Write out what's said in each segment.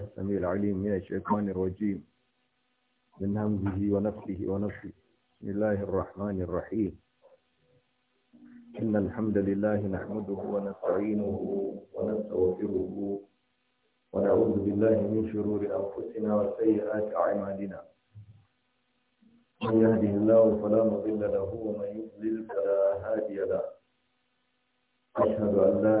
السميع العليم من الشيطان الرجيم من همزه ونفسه ونفسه بسم الله الرحمن الرحيم إن الحمد لله نحمده ونستعينه ونستغفره ونعوذ بالله من شرور أنفسنا وسيئات أعمالنا من يهده الله فلا مضل له ومن يضلل فلا هادي له أشهد أن لا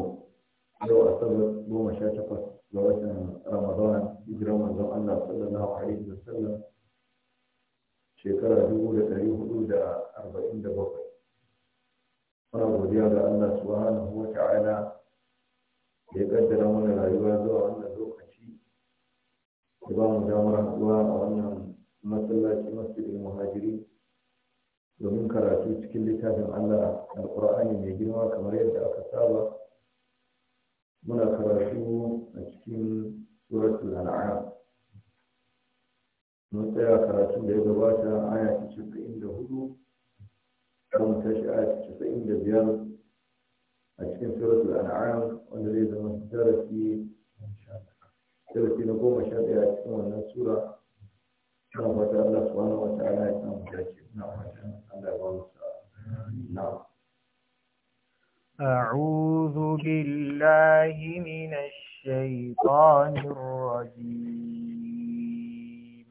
yau asabar goma sha takwas ga watan ramadan hijiran manzon allah sallallahu alaihi sallam shekara dubu da ɗari hudu da arba'in da bakwai muna godiya ga allah subhanahu wa ta'ala da ya kaddara mana rayuwa zuwa wannan lokaci ya ba mu damar haɗuwa a wannan masallaci masjidin muhajiri domin karatu cikin littafin allah alƙur'ani mai girma kamar yadda aka saba muna karatu a cikin suratul al'am mun tsaya karatu da ya gabata aya ta casa'in da hudu kan tashi aya ta casa'in da biyar a cikin suratul al'am wanda zai zama darasi darasi na goma sha ɗaya a cikin wannan sura kan fata Allah subhanahu wa ta'ala ya samu dace na fata Allah ya ba mu sa'a na'am أعوذ بالله من الشيطان الرجيم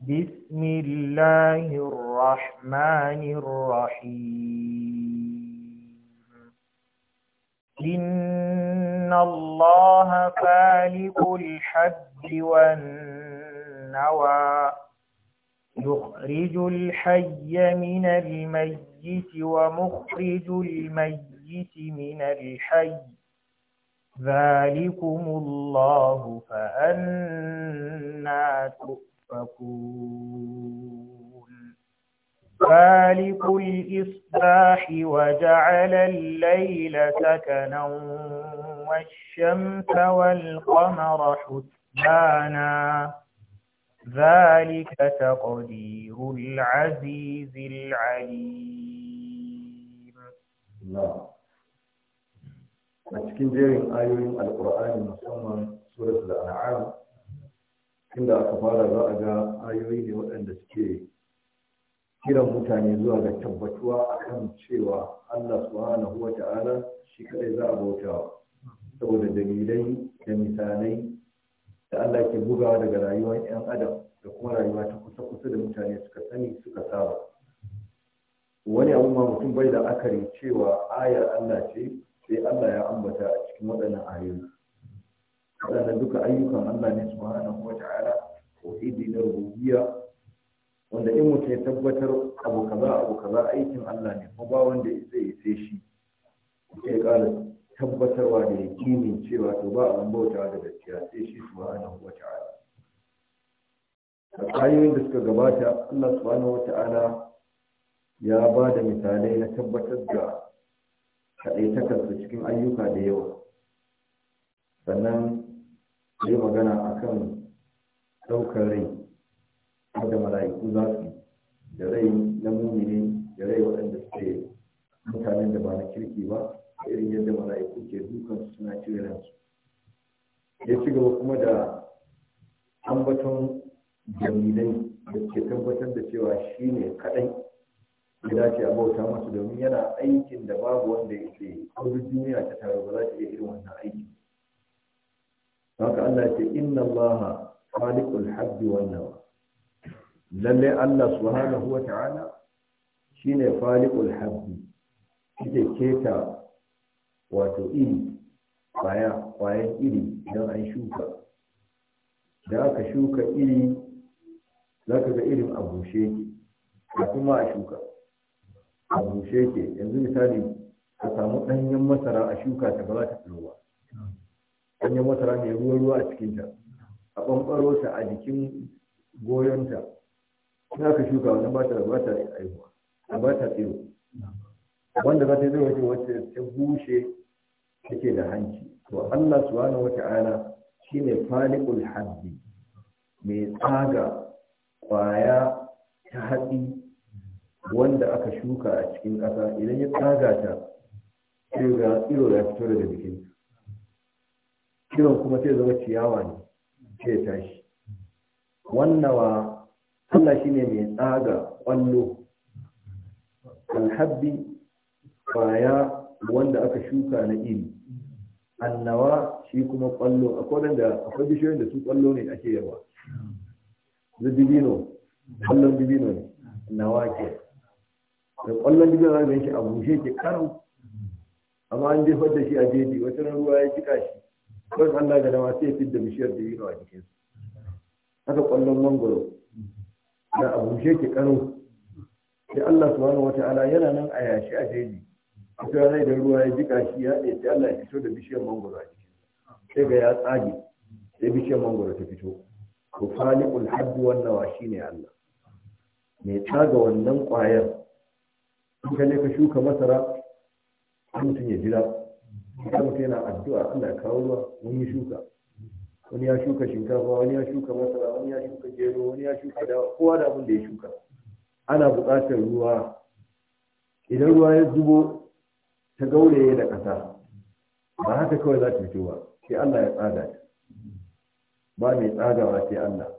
بسم الله الرحمن الرحيم إن الله خالق الحب والنوى يخرج الحي من الميت ومخرج الميت من الحي ذلكم الله فأنا تؤفكون فالق الإصباح وجعل الليل سكنا والشمس والقمر حسبانا ذلك تقدير العزيز العليم نعم a cikin jerin ayoyin Alƙur'ani musamman surat al'an'am inda aka fara za a ga ayoyi ne waɗanda suke kiran mutane zuwa ga tabbatuwa akan cewa Allah subhanahu wa ta'ala shi kadai za a bautawa saboda dalilai da misalai da Allah ke bugawa daga rayuwar 'yan adam da kuma rayuwa ta kusa-kusa da mutane suka sani suka saba wani abu ma mutum bai da akari cewa ayar Allah ce sai Allah ya ambata a cikin waɗannan ayoyi waɗannan duka ayyukan Allah ne su subhanahu ko tauhidi na rububiyya wanda in mutum ya tabbatar abu kaza abu kaza aikin Allah ne kuma ba wanda zai yi sai shi ke ya tabbatarwa da yakinin cewa to ba a bauta da gaskiya sai shi subhanahu wa ta'ala a da suka gabata Allah subhanahu wa ta'ala ya ba da misalai na tabbatar da kaɗaitakarsa cikin ayyuka da yawa sannan yi magana akan ɗaukar rai da mala'iku za su da rai na mumini da rai waɗanda suke mutanen da ba na kirki ba irin yadda mala'iku ke dukan suna cire su ya ci gaba kuma da ambaton jamilai da ke tabbatar da cewa shi ne kaɗai ya dace a bauta masu domin yana aikin da babu wanda ya ce kawai duniya ta taru ba za ta iya irin wannan aiki haka Allah ce inna Allah khaliqul habbi wan nawa lalle Allah subhanahu wa ta'ala shine khaliqul habbi yake keta wato iri kwaya kwayan iri idan an shuka da aka shuka iri za ka ga irin a bushe da kuma a shuka a bushe ke yanzu misali ka samu ɗanyen masara a shuka ta ba za ta tsiro ba ɗanyen masara mai ruwa ruwa a cikinta a ɓanɓaro ta a jikin goyonta za ka shuka wani ba ta ba ta aihuwa ba ta tsiro wanda za ta zai wace wacce ta bushe take da hanci to Allah subhanahu wata'ala shine faliqul haddi mai tsaga kwaya ta hatsi wanda aka shuka a cikin ƙasa idan ya tsaga ta sai ga tsiro ya fito daga jikin tsiron kuma sai zama ciyawa ne sai tashi wannawa Allah shine mai tsaga kwallo alhabbi kwaya wanda aka shuka na iri annawa shi kuma kwallo akwai da akwai bishiyoyin da su kwallo ne ake yawa da dibino kwallon dibino ne ke da kwallon dibino za ka shi a bushe ke karo amma an jefar da shi a jeji wata ruwa ya cika shi kawai Allah ga dama sai ya da bishiyar dibino a su. haka kwallon mangoro da a bushe ke karo sai Allah subhanahu ala yana nan a yashi a jeji ita rai da ruwa ya jika shi ya ɗaya sai Allah ya fito da bishiyar mangoro a ciki sai ga ya tsage sai bishiyar mangoro ta fito to khaliqul hadd wan nawashi ne Allah mai tsaga wannan ƙwayar in ka ne ka shuka masara mutum ya jira ka mutum yana addu'a Allah ya kawo ruwa mun yi shuka wani ya shuka shinkafa wani ya shuka masara wani ya shuka gero wani ya shuka dawa kowa da abin da ya shuka ana buƙatar ruwa idan ruwa ya zubo ta gauraye da ƙasa ba haka kawai za ta fito ba sai Allah ya tsaga ta ba mai tsagawa sai Allah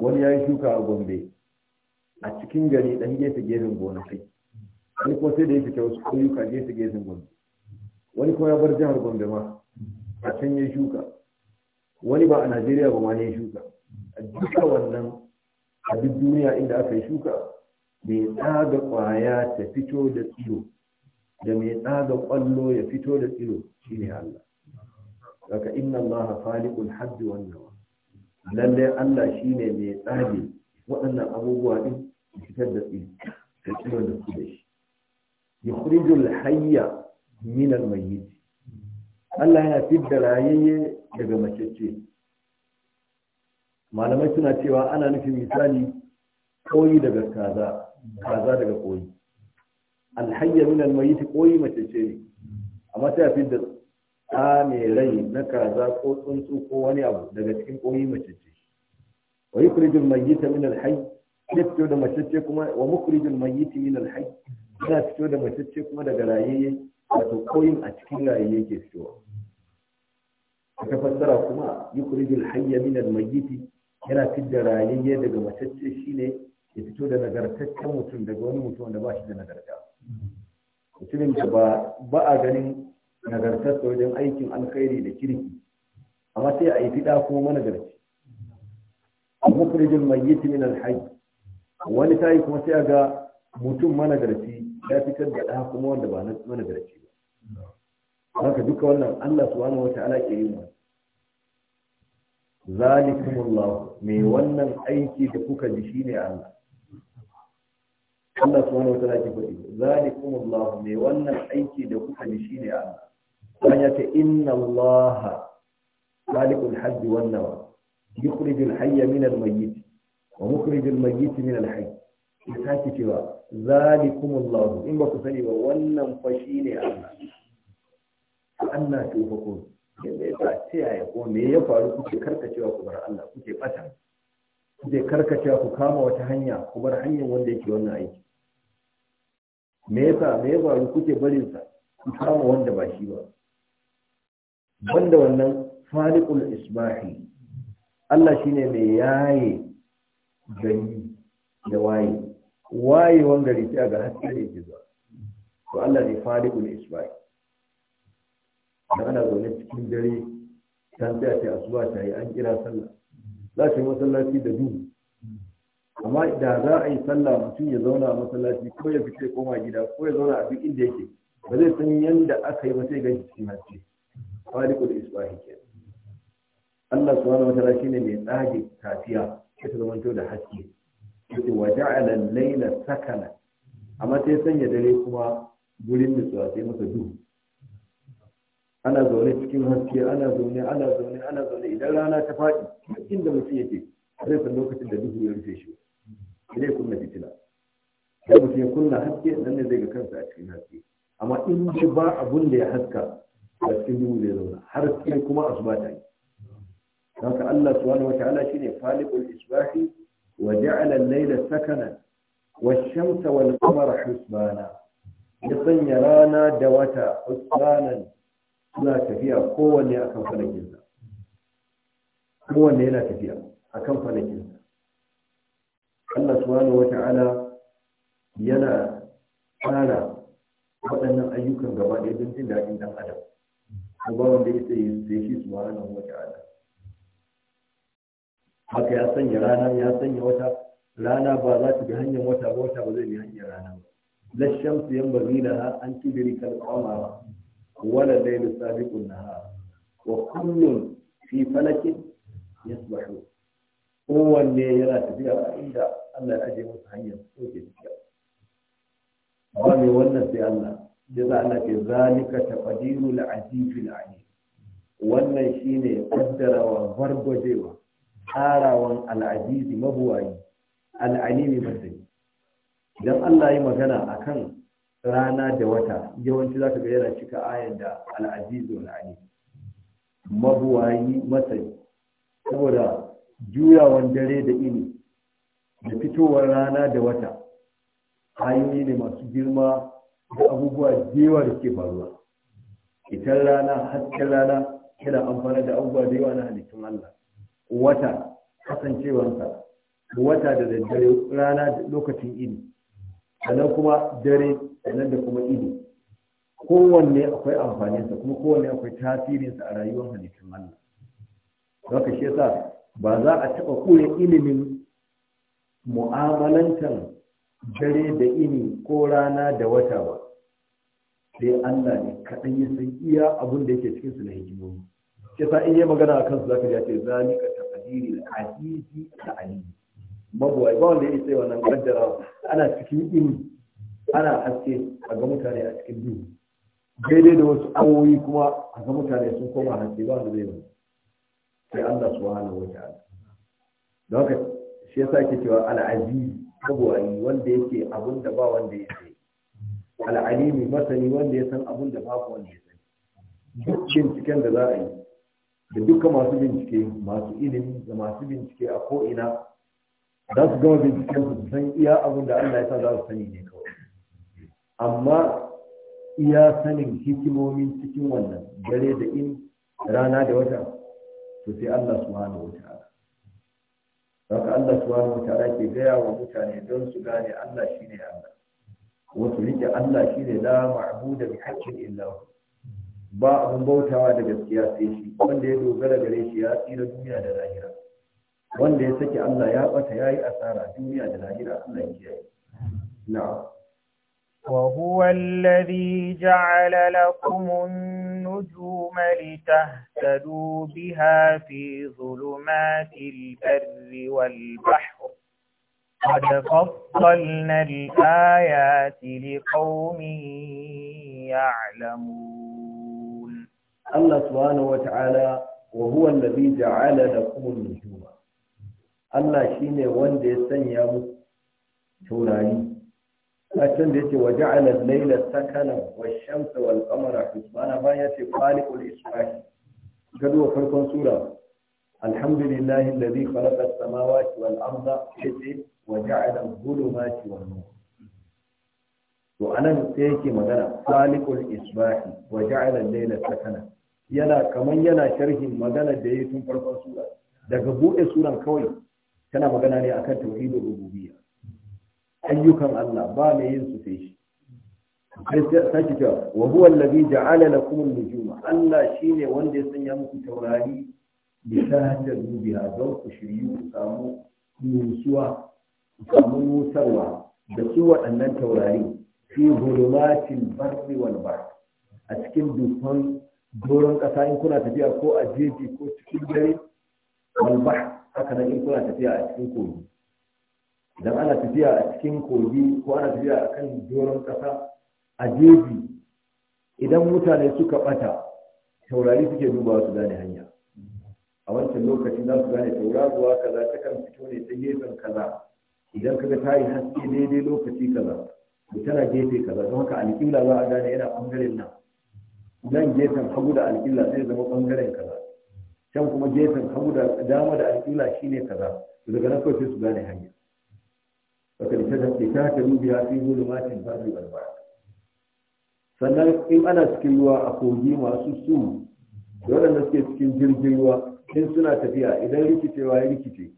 wani ya yi shuka a gombe a cikin gari ɗan gefe gefen gonakai wani kuma sai da ya fita wasu ƙauyuka gefe gefen gombe wani kuma ya bar jihar gombe ma a can ya shuka wani ba a najeriya ba ma ya shuka a duka wannan a duk duniya inda aka yi shuka bai tsaga ƙwaya ta fito da tsiro da mai tsaga ƙwallo ya fito da tsiro shine Allah daga inna Allah khaliqul hajji wannan wa. lalle Allah shine mai tsage waɗannan abubuwa din fitar da tsiro da tsiro da su da shi yukhrijul hayya minar mai Allah yana fidda rayayye daga macece malamai suna cewa ana nufin misali koyi daga kaza kaza daga koyi alhayya min almayyit koyi mace ce ne amma sai a fi da ta rai na kaza ko tsuntsu ko wani abu daga cikin koyi mace ce wa yukhrijul mayyita min alhayy ya fito da mace ce kuma wa mukhrijul mayyit min alhayy yana fito da mace ce kuma daga rayayye wato koyin a cikin rayayye ke fitowa ta fassara kuma yukhrijul hayya min almayyit yana fidda rayayye daga mace ce shine ya fito da nagartaccen mutum daga wani mutum da ba shi da nagarta mutumin da ba ba a ganin nagartarsa wajen aikin alkhairi da kirki amma sai a yi fiɗa kuma mana garci mukhrijul mayyit min al-hayy wani tayi kuma sai a ga mutum mana garci ya fitar da ɗa kuma wanda ba na garci ba haka duka wannan Allah subhanahu wata'ala ke yi mu zalikumullah mai wannan aiki da kuka ji shine Allah Allah subhanahu wa ta'ala kuɗi. faɗi kuma Allah mai wannan aiki da kuka yi shine Allah dan ya ce inna Allah malikul hajj wan nawa yukhrij al hayya min al mayyit wa mukhrij al mayyit min al hayy ya sake cewa kuma Allah in ba ku sani ba wannan fa shine Allah Allah ta hukum yadda ya sa ta yaya ko me ya faru kuke karkacewa ku bar Allah kuke bata kuke karkacewa ku kama wata hanya ku bar hanyar wanda yake wannan aiki me yasa me ya faru kuke barin sa ku kama wanda ba shi ba banda wannan faliqul isbahi Allah shine mai yaye gani da waye waye wanda a ga haske da yake zuwa to Allah ne faliqul isbahi da ana zaune cikin dare ta tsaya ta asuba ta yi an kira sallah za ta yi masallaci da duhu amma da za a yi sallah mutum ya zauna a masallaci ko ya fice koma gida ko ya zauna a duk inda yake ba zai san yadda aka yi ba sai ganci cikin hacci da isbahi ke Allah subhanahu wataala shine mai tsage tafiya ita zama to da haske yace wa ja'ala al-layla sakana amma sai sanya dare kuma gurin nutsuwa sai masa duhu ana zaune cikin haske ana zaune ana zaune ana zaune idan rana ta faɗi inda mutum yake zai san lokacin da duhu ya rufe shi zai kunna fitila sai mutum ya kunna haske nan ne zai ga kansa a cikin haske amma in shi ba abun da ya haska a cikin duhu zai zauna har sai kuma asuba ta yi haka Allah subhanahu shi shine faliqul isbahi wa ja'ala al-layla sakana wash-shamsa wal-qamara husbana ya sanya rana da wata husbanan suna tafiya kowanne akan falakinsa kowanne yana tafiya akan falakinsa Allah subhanahu wata'ala yana tsara waɗannan ayyukan gaba ɗaya don jin daɗin ɗan adam ko ba wanda ya sai sai shi subhanahu wata'ala haka ya sanya rana ya sanya wata rana ba za ta bi hanyar wata ba wata ba zai bi hanyar rana ba bari yanbaghi ha an tudrika al-qamara wala sabiƙun na ha. wa kullum fi falakin ya shi. kowanne yana tafiya a inda Allah ya aje masa hanyar ko ke tafiya ba mai wannan sai Allah ya za Allah ke zalika taqdiru al-azizul alim wannan shine kaddarawa wargwajewa tsarawan al-azizi mabuwayi al idan Allah ya magana akan rana da wata yawanci zaka ga yana cika ayar da al-azizul alim mabuwayi masani saboda juyawan dare da ini da fitowar rana da wata hanyoyi ne masu girma da abubuwa da ke faruwa itan rana hasken rana yana amfana da abubuwa da yawa na halittun Allah wata kasancewansa wata da daddare rana da lokacin ini sannan kuma dare sannan da kuma ini kowanne akwai amfaninsa kuma kowanne akwai tasirinsa a rayuwar halittun Allah. Zaka shi yasa ba za a taɓa kure ilimin mu'amalantar dare da ini ko rana da wata ba sai Allah ne kaɗan ya san iya abin da yake cikinsu na hikimomi ke sa in yi magana a kansu zaka ya ce da taqdiril azizi ta'ali mabuwai ba wanda ya sai wannan kaddara ana cikin ini ana haske a ga mutane a cikin duhu daidai da wasu awoyi kuma a ga mutane sun koma haske ba wanda zai ba. sai Allah subhanahu wata'ala don haka shi yasa ke cewa al'aziz kabuwani wanda yake abun da ba wanda ya sai al'alimi masani wanda ya san abun da babu wanda ya sani duk binciken da za a yi da dukkan masu bincike masu ilimi da masu bincike a ko'ina za su gama binciken su san iya abun da Allah ya sa za su sani ne kawai amma iya sanin hikimomin cikin wannan dare da in rana da wata to sai Allah subhanahu wataala haka Allah subhanahu wataala ke gaya wa mutane don su gane Allah shine Allah wasu rike Allah shine la ma'budu bi haqqin illa hu ba abun bautawa da gaskiya sai shi wanda ya dogara gare shi ya tsira duniya da lahira wanda ya saki Allah ya bata yayi asara duniya da lahira Allah ya kiyaye na'am وهو الذي جعل لكم النجوم لتهتدوا بها في ظلمات البر والبحر قد فصلنا الآيات لقوم يعلمون الله سبحانه وتعالى وهو الذي جعل لكم النجوم الله شيني وندي سنيا توراني a can da yake wa ja'ala al-layla sakana wa shamsa wal qamara husbana ba ya ce khaliqul isbahi gado farkon sura alhamdulillahi alladhi khalaqa as-samawati wal arda yace wa ja'ala al-dhulumati wan nur to anan sai yake magana khaliqul isbahi wa ja'ala al-layla sakana yana kaman yana sharhin magana da yayi tun farkon sura daga bude suran kawai tana magana ne akan tauhidul rububiyya ayyukan Allah ba mai yin su sai shi sai sake cewa wa huwa allazi ja'ala lakum an-nujuma Allah shine wanda ya sanya muku taurari bi tahtadu biha don ku shiryu ku samu nusuwa ku samu nusarwa da su waɗannan taurari fi hulumatin barri wal bar, a cikin dukkan doron ƙasa in kuna tafiya ko a jeji ko cikin dare wal bahr haka nan in kuna tafiya a cikin kogi idan ana tafiya a cikin kogi ko ana tafiya a kan doron ƙasa a jeji idan mutane suka ɓata taurari suke duba su gane hanya a wancan lokaci za su gane tauraruwa kaza ta kan fito ne ta gefen kaza idan kaga ta yi haske daidai lokaci kaza da tana gefe kaza don haka alƙibla za a gane yana ɓangaren nan nan gefen hagu da alƙibla sai zama ɓangaren kaza can kuma gefen hagu da dama da alƙibla shine kaza daga nan kawai sai su gane hanya fakar ta ke ta ta rubiya fi hulu matin fari barba sannan in ana cikin ruwa a kogi masu su da suke cikin jirgin ruwa in suna tafiya idan rikicewa ya rikice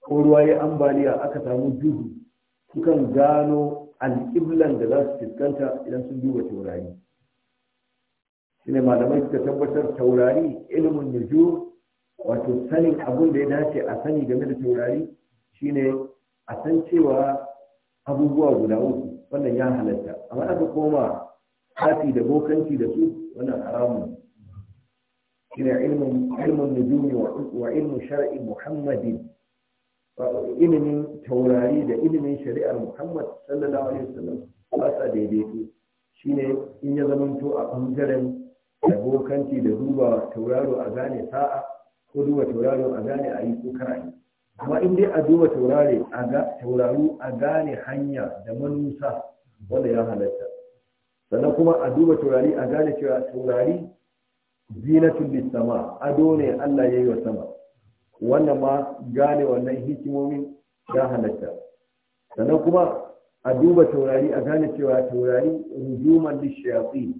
ko ruwa ya ambaliya aka samu duhu sukan gano alƙiblan da za su fuskanta idan sun duba taurari shine malamai suka tabbatar taurari ilimin nujum wato sanin abin da ya dace a sani game da taurari shine a san cewa abubuwa guda uku wannan ya halatta amma aka koma kafi da bokanci da su wannan haramun shine ilmin ilmin nujumi wa ilmin shar'i muhammadin ilimin taurari da ilimin shari'ar muhammad sallallahu alaihi wasallam ba sa daidaito shine in ya zamanto a bangaren da bokanci da duba tauraro a gane sa'a ko duba tauraro a gane a yi ko kar a yi amma in dai a duba taurari a ga tauraru a gane hanya da manusa wanda ya halatta sannan kuma a duba taurari a gane cewa taurari zinatun lissama ado ne Allah ya yi wa sama wannan ma gane wannan hikimomin ya halatta sannan kuma a duba taurari a gane cewa taurari rujuman lishayatsi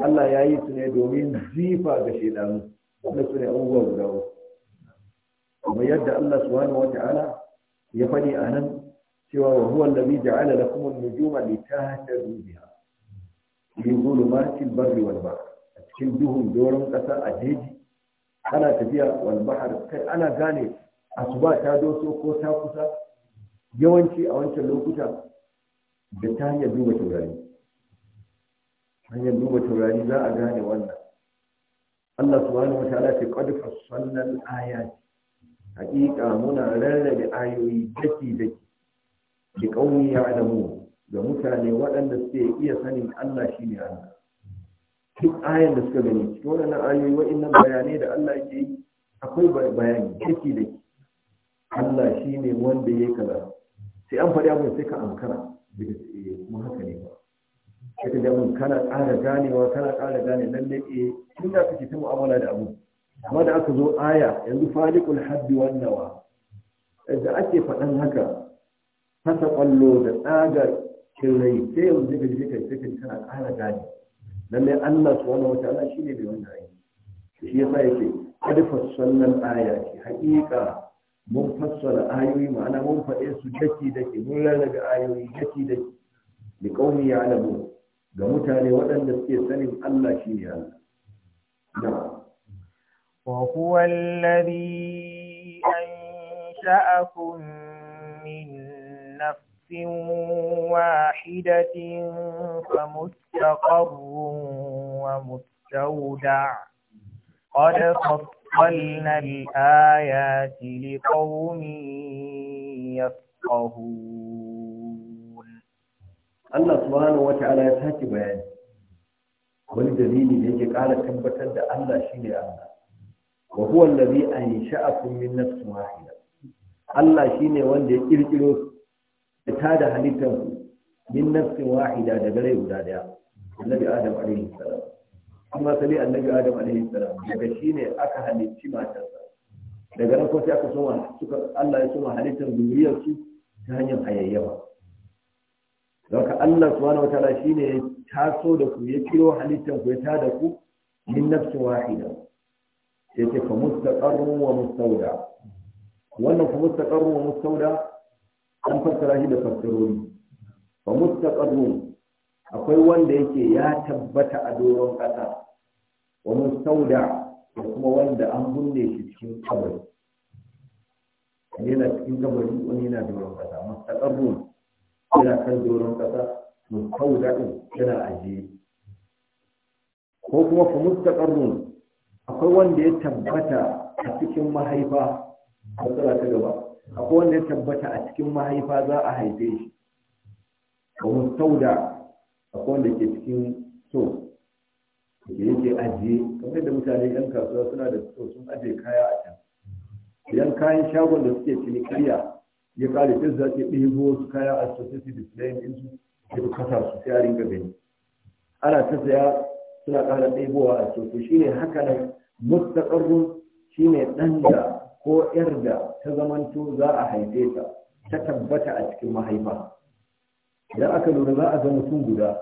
Allah ya yi su ne domin zifa ga shaidanu wanda su ne abubuwan guda uku kamar yadda Allah subhanahu wata'ala ya faɗi a nan cewa wa huwa allazi ja'ala lakum an-nujuma litahtadu biha fi zulumatil barri wal bahr a cikin duhun doron ƙasa a jeji ana tafiya wal bahr kai ana gane asuba ta doso ko ta kusa yawanci a wancan lokuta da ta hanyar duba taurari hanyar duba taurari za a gane wannan Allah subhanahu wa ta'ala ce qad fassalna al-ayati haƙiƙa muna rarrabe ayoyi daki daki da ƙauni ya adamu ga mutane waɗanda suke iya sanin Allah shi ne Allah duk ayan da suka gani cikin waɗannan ayoyi waɗannan bayanai da Allah ke yi akwai bayani daki daki Allah shi ne wanda ya kaza sai an faɗi abin sai ka ankara daga eh, kuma haka ne ba sai ka ji kana ƙara ganewa kana ƙara gane lallai eh tun da kake ta mu'amala da abu amma da aka zo aya yanzu falikul haddi wannawa da ake faɗan haka fasa ƙwallo da tsagar kirrai sai yanzu ka je kai sai ƙara gani lallai Allah subhanahu wa ta'ala shine mai wannan ayi shi yasa yake kad aya ayati haqiqa mun fassara ayoyi ma'ana mun faɗe su daki daki mun rarrabe ayoyi daki daki li qaumi ya'lamu ga mutane waɗanda suke sanin Allah ne Allah وهو الذي أنشأكم من نفس واحدة فمستقر ومستودع قد فصلنا الآيات لقوم يفقهون الله سبحانه وتعالى يتحكي بيان wani dalili da yake ƙara tabbatar da Allah shi ne Allah wa huwa allazi ansha'akum min nafsin wahida Allah shine wanda ya kirkiro ta da halittar min nafsin wahida daga rai guda daya annabi adam alaihi salam amma sai annabi adam alaihi salam daga shine aka daga sai aka soma suka Allah ya soma halittar zuriyar su ta hanyar hayayyawa Zaka Allah subhanahu wataala shine ya taso da ku ya kiro halittar ku ya tada ku min nafsin wahida yake fa mustaqarru wa mustawda wannan fa mustaqarru wa mustawda an fassara shi da fassarori fa mustaqarru akwai wanda yake ya tabbata a doron ƙasa wa mustawda da kuma wanda an bunne shi cikin kabari wani yana cikin kabari wani yana doron ƙasa mustaqarru yana kan doron ƙasa mustawda yana ajiye ko kuma fa mustaqarru akwai wanda ya tabbata a cikin mahaifa matsala ta gaba akwai wanda ya tabbata a cikin mahaifa za a haife shi kamar sauda akwai wanda ke cikin so da yake ajiye kamar da mutane yan kasuwa suna da so sun ajiye kaya a can idan kayan shagon da suke kariya ya kare ta za ɗigo su kaya a su display din su ke kasa su sai a gani ana ta saya suna ƙara ɗebowa a shi shine haka nan shi shine ɗan da ko ƴar da ta zamanto za a haife ta ta tabbata a cikin mahaifa idan aka lura za a ga mutum guda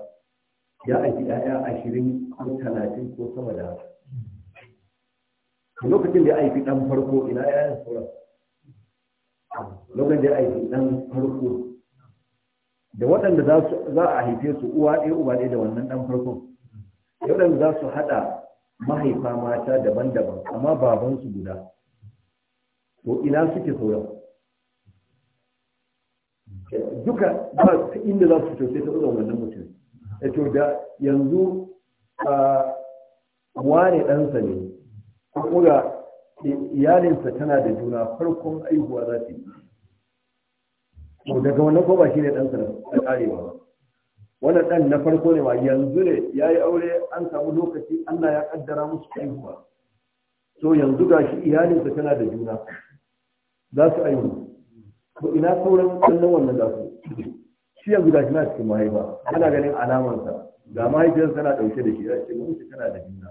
ya aiki ɗaya ashirin ko talatin ko sama da haka lokacin da ya aiki ɗan farko ina ƴaƴan sauran lokacin da ya aiki ɗan farko da waɗanda za a haife su uwa ɗaya uba ɗaya da wannan ɗan farkon yaran za su haɗa mahaifa mata daban-daban amma babansu guda to ina suke sauran duka ba inda za su fito sai ta wannan mutum eh, to da yanzu a wane ɗansa ne ko iyalinsa tana da juna farkon aihuwa za su yi daga wannan ko ba shi ne ɗansa da ƙarewa ba wannan dan na farko ne ba yanzu ne yayi aure an samu lokaci Allah ya kaddara musu haihuwa to yanzu gashi iyalinsa tana da juna za su aihu to ina sauran kallon wannan za su shi yanzu gashi na cikin mahaifa ana ganin alamansa ga mahaifiyarsa tana dauke da shi ya ce mun tana da juna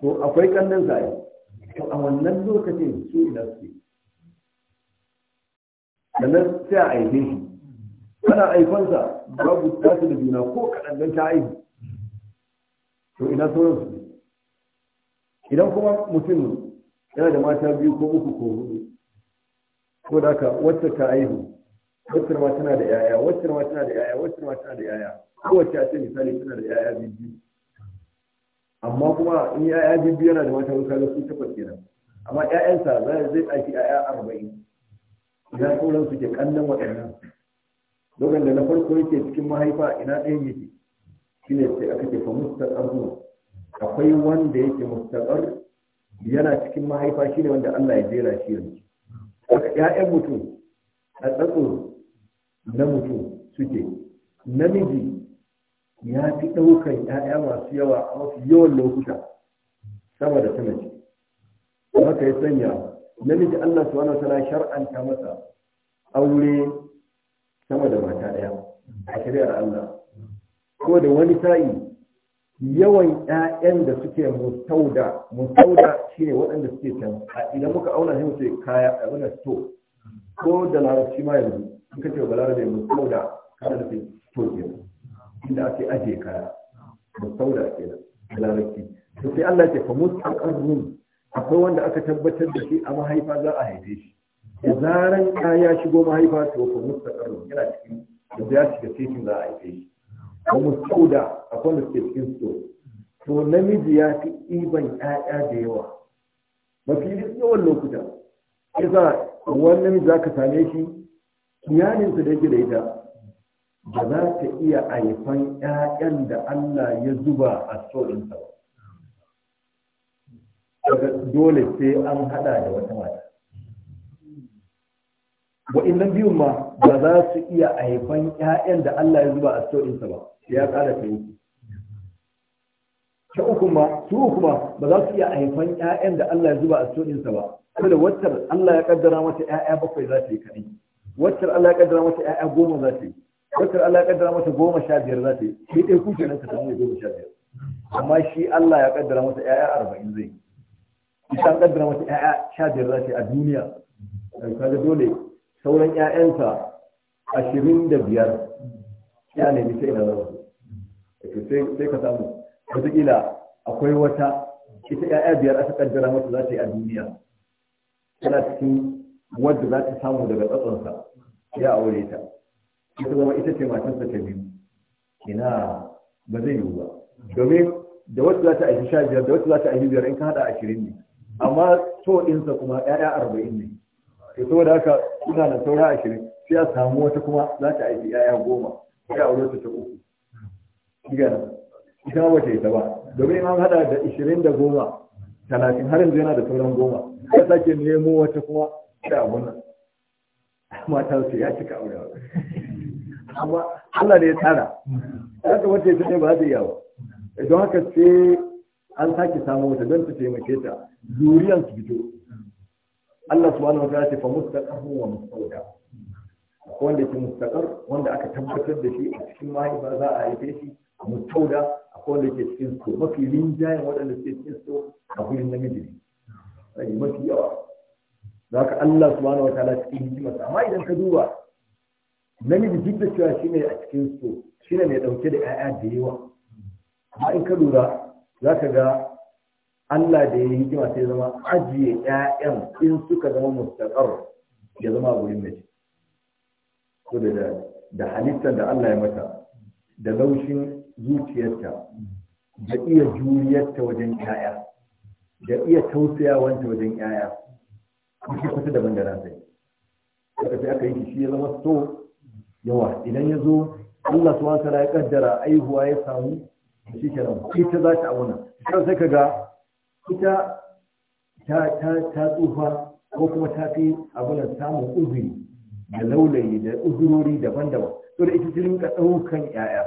to akwai kallon zai to a wannan lokacin su ina suke sannan sai a aihe shi kana aifansa babu tasu da juna ko kaɗan don ta aihu to ina sauran su idan kuma mutum yana da mata biyu ko uku ko hudu ko da ka wacce ta aihu wacce ma tana da yaya wacce ma tana da yaya wacce ma tana da yaya kowace a ce misali tana da yaya biyu amma kuma in yaya biyu yana da mata biyu kaga su takwas kenan amma ƴaƴansa zai zai ɗaki ƴaƴa arba'in idan sauran su ke ƙannan waɗannan dogon da na farko yake cikin mahaifa ina ɗaya yake ne sai aka ce fa mustaqarru akwai wanda yake mustaqar yana cikin mahaifa shi ne wanda Allah ya jera shi yanzu ƴaƴan mutum a tsatso na mutum suke namiji ya fi ɗaukar ƴaƴa masu yawa a mafi yawan lokuta sama da ta mace haka ya sanya namiji Allah subhanahu wa ta'ala shar'anta masa aure sama da mata ɗaya a shari'ar Allah ko da wani sa'i yawan ƴaƴan da suke Musauda mustauda shine waɗanda suke can idan muka auna sai mu kaya a wannan to ko da larabci ma yanzu in kace ba larabe mustauda kana da to ke inda ake ajiye kaya Musauda kenan da larabci to sai Allah ya ce fa mustaqarrun akwai wanda aka tabbatar da shi a mahaifa za a haife shi da zaran ya shigo mahaifa to ko mustaqarrun yana cikin da ya shiga cikin za a haife shi ko mustuda akwai da suke cikin so to namiji ya fi iban ƴaƴa da yawa mafi yawan lokuta yasa wani namiji za ka same shi kiyaninsa da yake da ita Da za ta iya haifan 'ya'yan da Allah ya zuba a tsohinsa ba. dole sai an hada da wata mata. wa'annan biyun ma ba za su iya haifan ƴaƴan da Allah ya zuba a storinsa ba ya ƙara ta uku ta uku ma su uku ma ba za su iya haifan ƴaƴan da Allah ya zuba a storinsa ba saboda waccar Allah ya kaddara mata ƴaƴa bakwai za ta yi kaɗai waccar Allah ya kaddara mata ƴaƴa goma za ta yi waccar Allah ya kaddara mata goma sha biyar za ta yi sai ɗaya kuke nan ta samu goma sha biyar amma shi Allah ya kaddara mata ƴaƴa arba'in zai yi shi an kaddara mata ƴaƴa sha biyar za ta yi a duniya kaga dole sauran 'ya'yansa ashirin da biyar ya nemi sai na zama sai ka samu wataƙila akwai wata ita 'ya'ya biyar aka kaddara mata za ta yi a duniya tana cikin wadda za ta samu daga tsatsonsa ya aure ta ita zama ita ce matarsa ta biyu ina ba zai yiwu ba domin da wata za ta aishi sha biyar da wata za ta aishi biyar in ka haɗa ashirin ne amma to ɗinsa kuma ƴaƴa arba'in ne to saboda haka kuna da saura ashirin sai a samu wata kuma za ta aiki yaya goma sai a wurin ta uku shiga nan ita ma bata ita ba domin an hada da ashirin da goma talatin har yanzu yana da sauran goma ya sake nemo wata kuma sai a wannan mata su ya cika aure amma Allah ne ya tsara ta wata ita ne ba zai ta don haka sai an sake samu wata don su taimake ta zuriyan su fito Allah subhanahu wa ta'ala ce fa mustaqarru wa mustawda akwai wanda ke mustaqar wanda aka tabbatar da shi a cikin mahaifa za a haife shi mustawda akwai wanda ke cikin su mafi rinjayen waɗanda suke cikin su a gurin namiji ne rai mafi yawa za ka Allah subhanahu wa ta'ala cikin hikimarsa amma idan ka duba namiji duk da cewa shine a cikin su shine mai dauke da 'ya'ya da yawa amma in ka lura za ka ga Allah da ya yi hikima sai zama ajiye 'ya'yan in suka zama mustaqar ya zama gurin mace ko da halitta halittar da Allah ya mata da laushin zuciyarta da iya juriyarta wajen ƴaƴa da iya tausayawanta wajen ƴaƴa kuke kusa daban da nasa aka sai aka yi shi ya zama so yawa idan ya zo Allah subhanahu wa ta'ala ya kaddara aihuwa ya samu shi kenan ita za ta auna sai ka ga ita ta ta tsufa ko kuma ta fi abunan samun uzuri da laulayi da uzurori daban-daban to da ita ta rinka ɗaukan 'ya'ya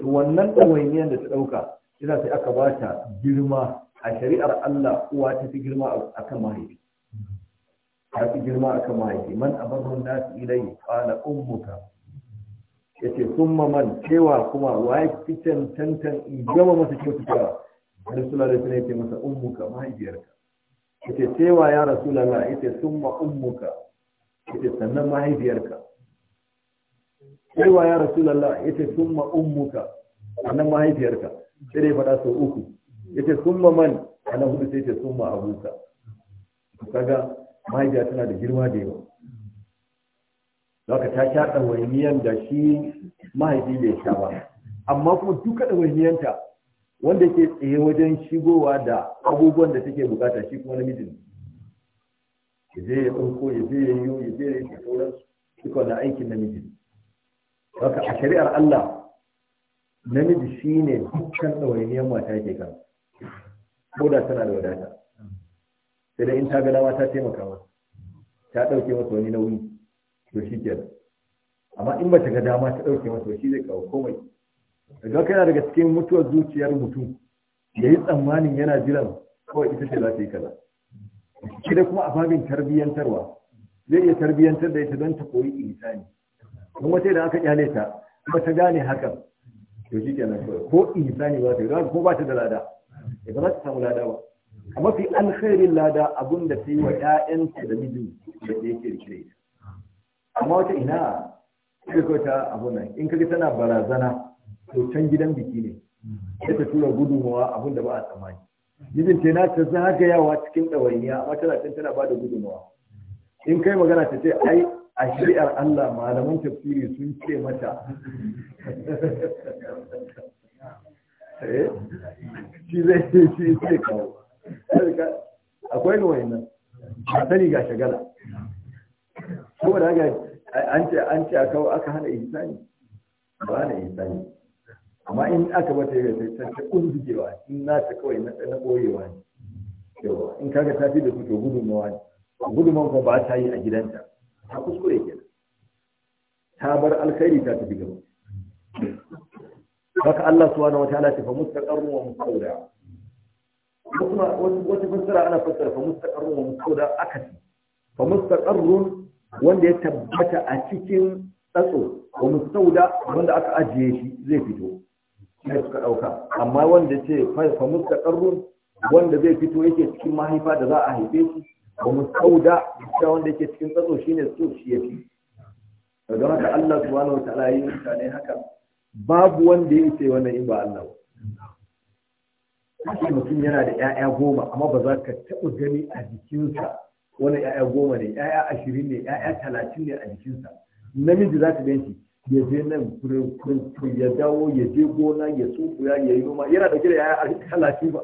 to wannan ɗawainiyar da ta ɗauka ita sai aka ba ta girma a shari'ar Allah uwa ta fi girma akan mahaifi ta fi girma akan mahaifi man abarrun nasu ilai qala ummuka yace summa man cewa kuma ya fi cancantan in gama masa kyautatawa wani da suna yake masa ummuka mahaifiyarka yace cewa ya rasulala yace summa ummuka yace sannan mahaifiyarka cewa ya rasu rasulala sun summa ummuka sannan mahaifiyarka sai dai faɗa sau uku sun summa man a na hudu sai sun summa abuka kaga mahaifiya tana da girma da yawa zaka ta sha ɗawainiyan da shi mahaifi bai sha ba amma kuma duka ɗawainiyanta wanda ke tsaye wajen shigowa da abubuwan da take bukata shi kuma namijin ya je ya ɗauko ya je ya yi ya je ya yi sauransu duka na aikin namijin. haka a shari'ar Allah namiji shine dukkan ɗawainiyar mata ke kan ko da tana da wadata sai da in ta ga mata ta taimaka ma. ta ɗauke masa wani nauyi to shi kenan amma in ba ta ga dama ta ɗauke masa shi zai kawo komai daga kana daga cikin mutuwar zuciyar mutum ya yi tsammanin yana jiran kawai ita ce za ta yi kaza shi da kuma a babin tarbiyyantarwa zai iya tarbiyyantar da ita don ta koyi insani kuma wata da aka kyale ta kuma ta gane hakan to shi kenan ko insani ba ta yi ko ba ta da lada ba za ta samu lada ba a mafi alkhairin lada abun da ta yi wa 'ya'yanta da mijin da ya ke rike amma wata ina ita ko ta abu nan in kaga tana barazana to can gidan biki ne sai ta tura gudunmawa abin da ba a tsammani ce na ta zagayawa cikin ɗawainiya amma tana can tana ba da gudunmawa in kai magana ta ce ai a shari'ar Allah malaman tafsiri sun ce mata eh? shi zai shi zai kawo akwai ga wayannan a sani ga shagala saboda haka an ce an ce a kawo aka hana ihsani ba hana ihsani amma in aka bata yau sai ta ta kundugewa in na ta kawai na na boyewa ne yawa in kaga ta fi da su to gudunmawa ne gudunmawa kuma ba ta yi a gidanta ta kuskure kenan ta bar alkhairi ta tafi gaba haka Allah subhanahu wataala ta fa mustaqarru wa mustawda kuma wata fassara ana fassara fa mustaqarru wa mustawda akasi fa mustaqarru wanda ya tabbata a cikin tsatso wa mustauda wanda aka ajiye shi zai fito ne suka ɗauka amma wanda ce fa mustaqarrun wanda zai fito yake cikin mahaifa da za a haife shi ba mu sauda da wanda yake cikin tsatso ne su shi yake daga haka Allah subhanahu wataala yi mutane haka babu wanda ya ce wannan in ba Allah ba mutum yana da 'ya'ya goma amma ba za ka taɓa gani a jikinsa wani 'ya'ya goma ne 'ya'ya ashirin ne 'ya'ya talatin ne a jikinsa namiji za ka gan ya je nan kurin ya dawo ya je gona ya tsufuya ya yi noma yana da gida ya yi halashi ba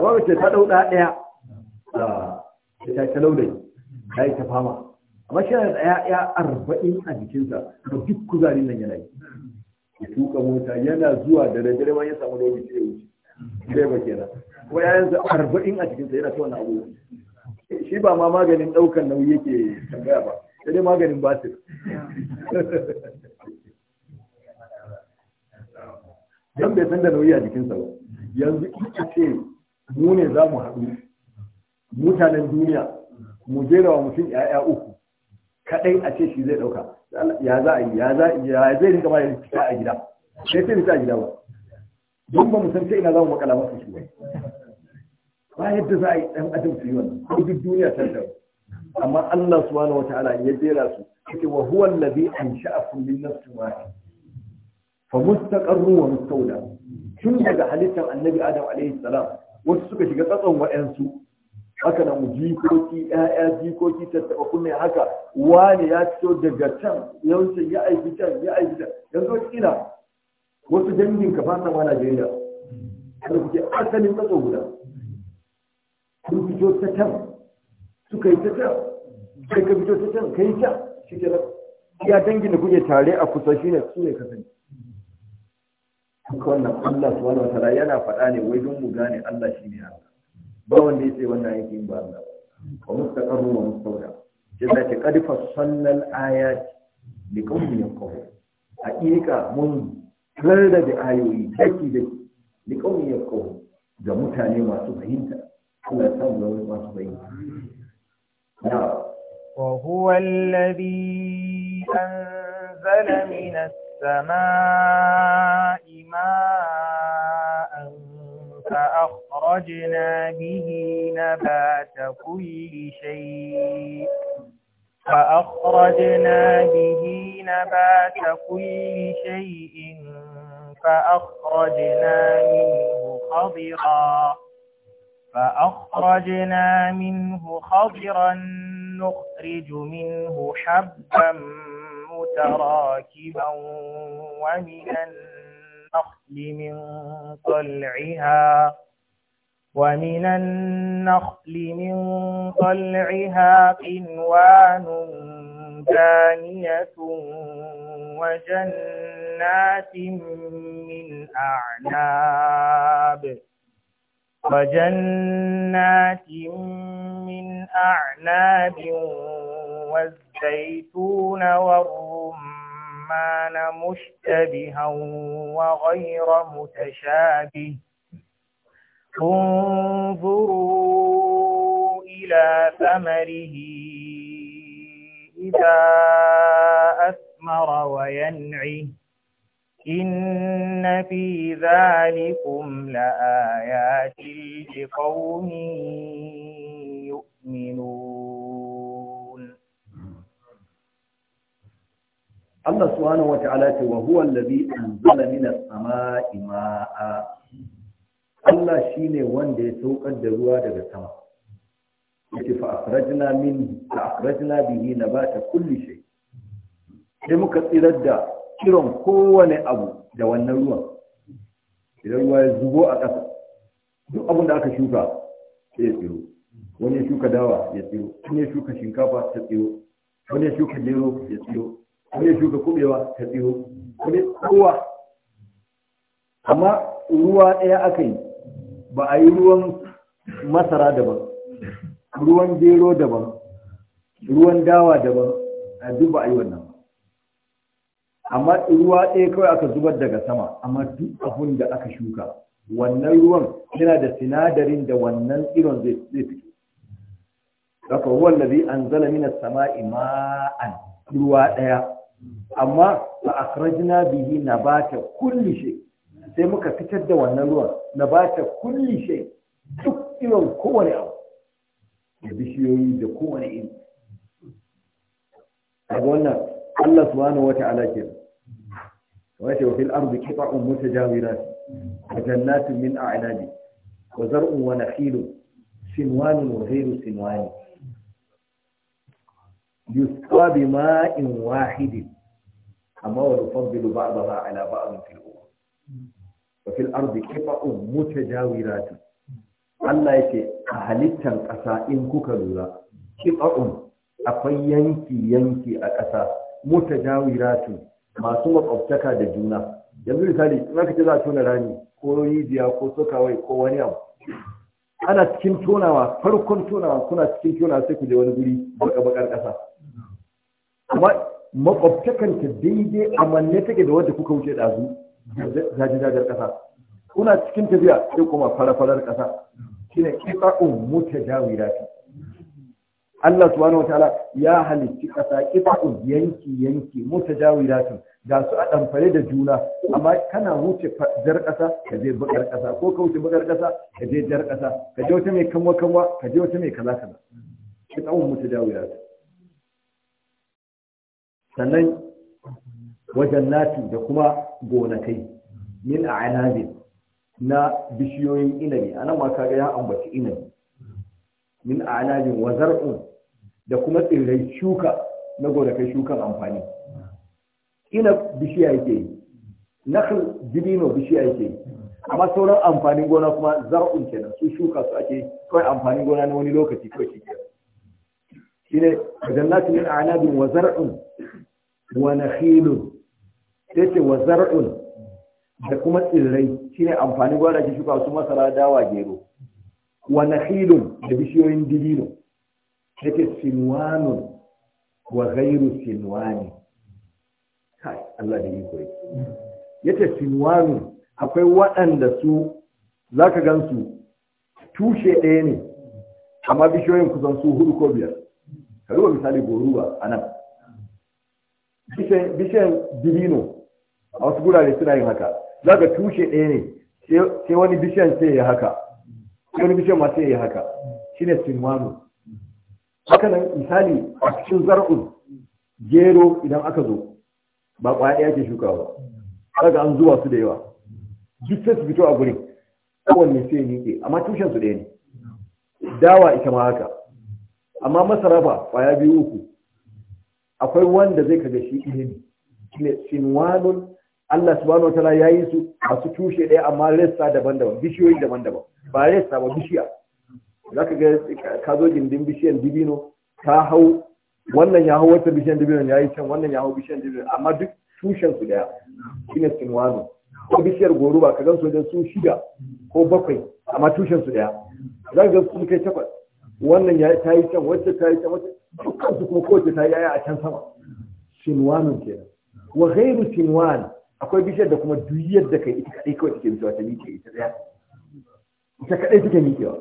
wani ce ta dauɗa ɗaya ah, ta ta laudai ta yi ta fama amma shi yana da ya arba'in a jikinsa da duk kuzari nan yana yi ya tuka mota yana zuwa da dare ma ya samu lokaci ya wuce zai ba kenan kuma ya yanzu arba'in a jikinsa yana ta wani abubuwa shi ba ma maganin ɗaukan nauyi yake tambaya ba sai maganin basir don bai san da nauyi a jikinsa ba yanzu ita ce mu ne za mu haɗu mutanen duniya mu jera wa mutum ya'ya uku kaɗai a ce shi zai ɗauka ya za a yi ya za yi zai rinka bayan fita a gida sai sai fita a gida ba don ba mu san ta ina za mu makala masa shi ba ba yadda za a yi ɗan adam su yi wannan ko duk duniya ta da amma Allah subhanahu wata'ala ya jera su yake wa huwa allazi ansha'akum min nafsin wahid fa mustaqarru wa mustawda tun daga halittar annabi adam alaihi salam wasu suka shiga tsatson wa'ansu haka na mu jikoki ƴaƴa jikoki tattaɓa kunne haka wani ya fito daga can yawancin ya aiki can ya aiki can yanzu ina wasu dangin ka fasa ma Najeriya da kuke asalin matsa guda kun fito ta can suka yi ta can kai ka fito ta can ka yi can shi ke ya dangi da kuke tare a kusa shi ne su ne ka sani haka wannan Allah subhanahu wa ta'ala yana faɗa ne wai don mu gane Allah shi ne Allah ba wanda yace wannan yake ba Allah wa mustaqarru wa mustawda jalla ta qad sannan aya ayat li qawmin yaqulu haƙiƙa mun da ayoyi daki da li qawmin yaqulu ga mutane masu fahimta Allah ya wani masu fahimta نعم. وهو الذي أنزل من السماء ماء فأخرجنا به نبات كل شيء فأخرجنا به نبات كل شيء فأخرجنا منه خضرا فأخرجنا منه خضرا نخرج منه حبا متراكبا ومن النخل من طلعها ومن النخل من طلعها قنوان دانية وجنات من أعناب وجنات من أعناب والزيتون والرمان مشتبها وغير متشابه انظروا إلى ثمره إذا أثمر وينعه إن في ذلكم لآيات لقوم يؤمنون الله سبحانه وتعالى وهو الذي أنزل من السماء ماء Allah shi ne wanda ya saukar da ruwa daga sama. Yake fa'afirajina da fa'afirajina bihi na ba ta kulli shai. Sai muka tsirar da kiran kowane abu da wannan ruwan idan ruwa ya zubo a ƙasa duk abin da aka shuka sai ya tsiro wani ya shuka dawa ya tsiro wani ya shuka shinkafa ta tsiro wani ya shuka gero ya tsiro wani ya shuka kubewa ta tsiro wani kowa amma ruwa ɗaya aka yi ba a yi ruwan masara daban ruwan gero daban ruwan dawa daban a duk ba a yi wannan amma ruwa ɗaya kawai aka zubar daga sama amma duk abun da aka shuka wannan ruwan yana da sinadarin da wannan irin zai fito daga an zala mina sama'i ma'an ruwa ɗaya amma fa na bihi ta kulli shi sai muka fitar da wannan ruwan ta kulli shi duk irin kowane abu da bishiyoyi da kowane iri abu wannan Allah subhanahu wata kenan wace wafil arzu kifa un mutu jawira a jannatin min a inadi ko zar'un wani filo sinwani wa sinwani yusuwa bi ma'in wahidi amma wa nufaddilu ba da za a ila ba a mutu uku wafil arzu kifa un mutu jawira Allah yake a halittar ƙasa in kuka lura kifa akwai yanki yanki a ƙasa mutu jawira masu makwabtaka da juna yanzu misali in aka ce za a tona rami ko rijiya ko sokawai ko wani abu ana cikin tonawa farkon tonawa kuna cikin tonawa sai ku je wani guri baka bakar kasa amma makwabtakan ta daidai amanne take da wanda kuka wuce dazu zaji zajar kasa kuna cikin tafiya sai kuma fara farar kasa shine kifa'un mutajawirati Allah subhanahu wataala ya halitti ƙasa ƙifa'un yanki yanki mutajawiratun ga su a ɗamfare da juna amma kana wuce jar ƙasa ka je bakar ƙasa ko ka wuce bakar ƙasa ka je jar ƙasa ka je wata mai kanwa kanwa ka je wata mai kaza kaza ƙifa'un mutajawiratun sannan wajen nati da kuma gonakai min a anabin na bishiyoyin inabi a nan ma kaga ya ambaci inabi min a anabin wa zar'un da kuma tsirrai shuka na gonakai shukan amfani ina bishiya yake yi kan dibino bishiya yake yi amma sauran amfanin gona kuma zar'un kenan su shuka su ake kawai amfanin gona na wani lokaci kawai shi kenan shine jannatu min a'nabin wa zar'un wa nakhilun ce wa zar'un da kuma tsirrai shine amfanin gona da ake shuka su masara dawa gero wa nakhilun da bishiyoyin dibino yake sinuwanun, wa gairu sinwani kai Allah da iko yake sinuwanun, akwai waɗanda su za ka gansu tushe ɗaya ne amma bishiyoyin kusan su hudu ko biyar ka duba misali goruwa a nan bishiyan dilino a wasu gurare suna yin haka za ka tushe ɗaya ne sai wani bishiyan sai ya haka sai wani bishiyan ma sai ya haka shine sinuwanun. haka nan misali a cikin zar'un gero idan aka zo ba ƙwaya ɗaya ke shukawa daga an zuwa su da yawa duk sai su fito a gurin kowanne sai ya ke, amma tushen su ɗaya ne dawa ita ma haka amma masara ba ƙwaya biyu uku akwai wanda zai kaga shi ne shine sinwanun Allah subhanahu wataala yayi su masu tushe ɗaya amma rassa daban-daban bishiyoyi daban-daban ba rassa ba bishiya za ka ga ka zo gindin bishiyan dibino ka hau wannan ya hau wata bishiyan dibino ya yi can wannan ya hau bishiyan dibino amma duk tushen su daya shine sinwano ko bishiyar goruba ka gan su wajen su shida ko bakwai amma tushen su daya za ka ga sun kai takwas wannan ya ta yi can wacce ta yi can wacce dukkan su kuma kowace ta yi a can sama sinwanon kenan wa ghairu sinwan akwai bishiyar da kuma duk yadda kai ita kadai kawai take miƙewa ta miƙe ita daya ita kadai take miƙewa